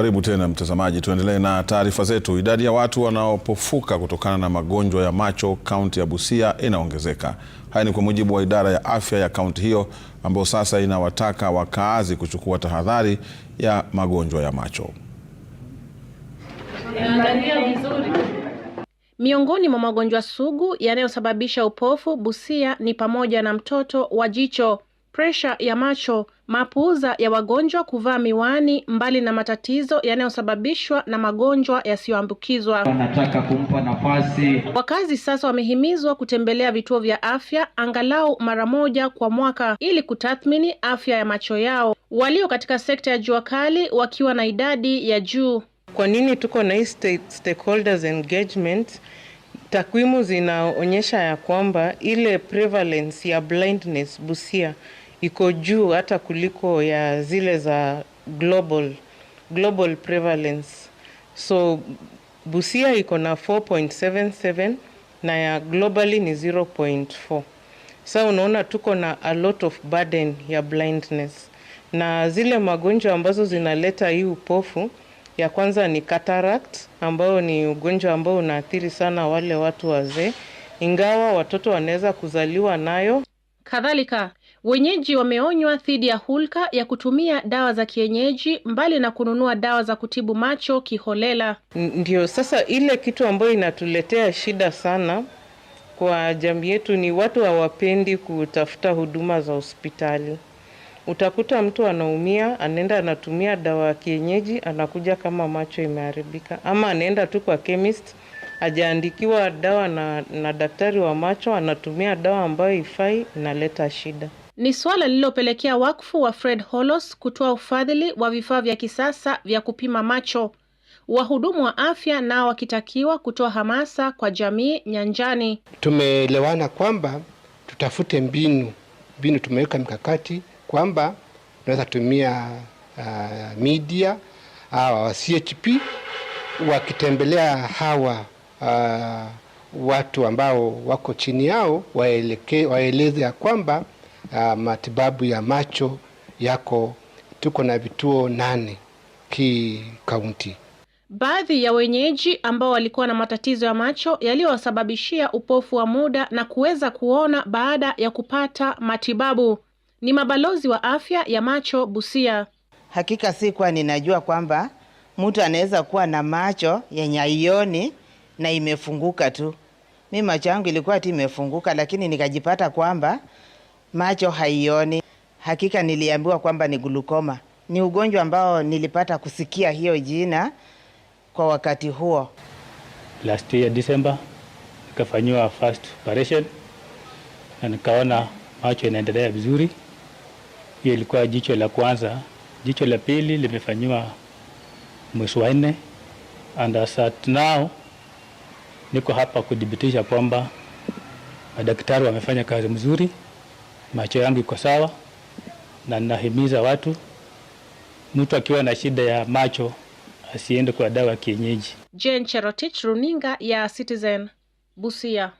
Karibu tena mtazamaji, tuendelee na taarifa zetu. Idadi ya watu wanaopofuka kutokana na magonjwa ya macho kaunti ya Busia inaongezeka. Haya ni kwa mujibu wa idara ya afya ya kaunti hiyo ambayo sasa inawataka wakaazi kuchukua tahadhari ya magonjwa ya macho. Miongoni mwa magonjwa sugu yanayosababisha upofu Busia ni pamoja na mtoto wa jicho presha ya macho, mapuuza ya wagonjwa kuvaa miwani, mbali na matatizo yanayosababishwa na magonjwa yasiyoambukizwa. Wanataka kumpa nafasi. Wakazi sasa wamehimizwa kutembelea vituo vya afya angalau mara moja kwa mwaka ili kutathmini afya ya macho yao, walio katika sekta ya jua kali wakiwa na idadi ya juu. Kwa nini tuko na state stakeholders engagement? Takwimu zinaonyesha ya kwamba ile prevalence ya blindness Busia iko juu hata kuliko ya zile za global, global prevalence. So Busia iko na 4.77 na ya globally ni 0.4. Sasa unaona tuko na a lot of burden ya blindness, na zile magonjwa ambazo zinaleta hii upofu, ya kwanza ni cataract, ambao ni ugonjwa ambao unaathiri sana wale watu wazee, ingawa watoto wanaweza kuzaliwa nayo. Kadhalika, wenyeji wameonywa dhidi ya hulka ya kutumia dawa za kienyeji mbali na kununua dawa za kutibu macho kiholela. ndio sasa ile kitu ambayo inatuletea shida sana kwa jamii yetu ni watu hawapendi kutafuta huduma za hospitali. Utakuta mtu anaumia, anaenda anatumia dawa ya kienyeji, anakuja kama macho imeharibika, ama anaenda tu kwa chemist hajaandikiwa dawa na, na daktari wa macho, anatumia dawa ambayo ifai, inaleta shida. Ni swala lililopelekea wakfu wa Fred Hollows kutoa ufadhili wa vifaa vya kisasa vya kupima macho, wahudumu wa afya nao wakitakiwa kutoa hamasa kwa jamii nyanjani. Tumeelewana kwamba tutafute mbinu mbinu, tumeweka mikakati kwamba tunaweza tumia uh, media hawa ah, wa CHP wakitembelea hawa uh, watu ambao wako chini yao waeleke, waeleze ya kwamba uh, matibabu ya macho yako, tuko na vituo nane ki kaunti. Baadhi ya wenyeji ambao walikuwa na matatizo ya macho yaliyowasababishia upofu wa muda na kuweza kuona baada ya kupata matibabu ni mabalozi wa afya ya macho Busia. Hakika si kwa ninajua kwamba mtu anaweza kuwa na macho yenye aioni na imefunguka tu. Mi macho yangu ilikuwa ati imefunguka, lakini nikajipata kwamba macho haioni. Hakika niliambiwa kwamba ni glukoma, ni ugonjwa ambao nilipata kusikia hiyo jina kwa wakati huo. Last year December nikafanyiwa first operation na nikaona macho inaendelea vizuri. Hiyo ilikuwa jicho la kwanza. Jicho la pili limefanyiwa mwezi wa nne and as at now Niko hapa kudhibitisha kwamba madaktari wamefanya kazi mzuri, macho yangu iko sawa, na ninahimiza watu, mtu akiwa na shida ya macho asiende kwa dawa kienyeji. Jane Cherotich, runinga ya Citizen, Busia.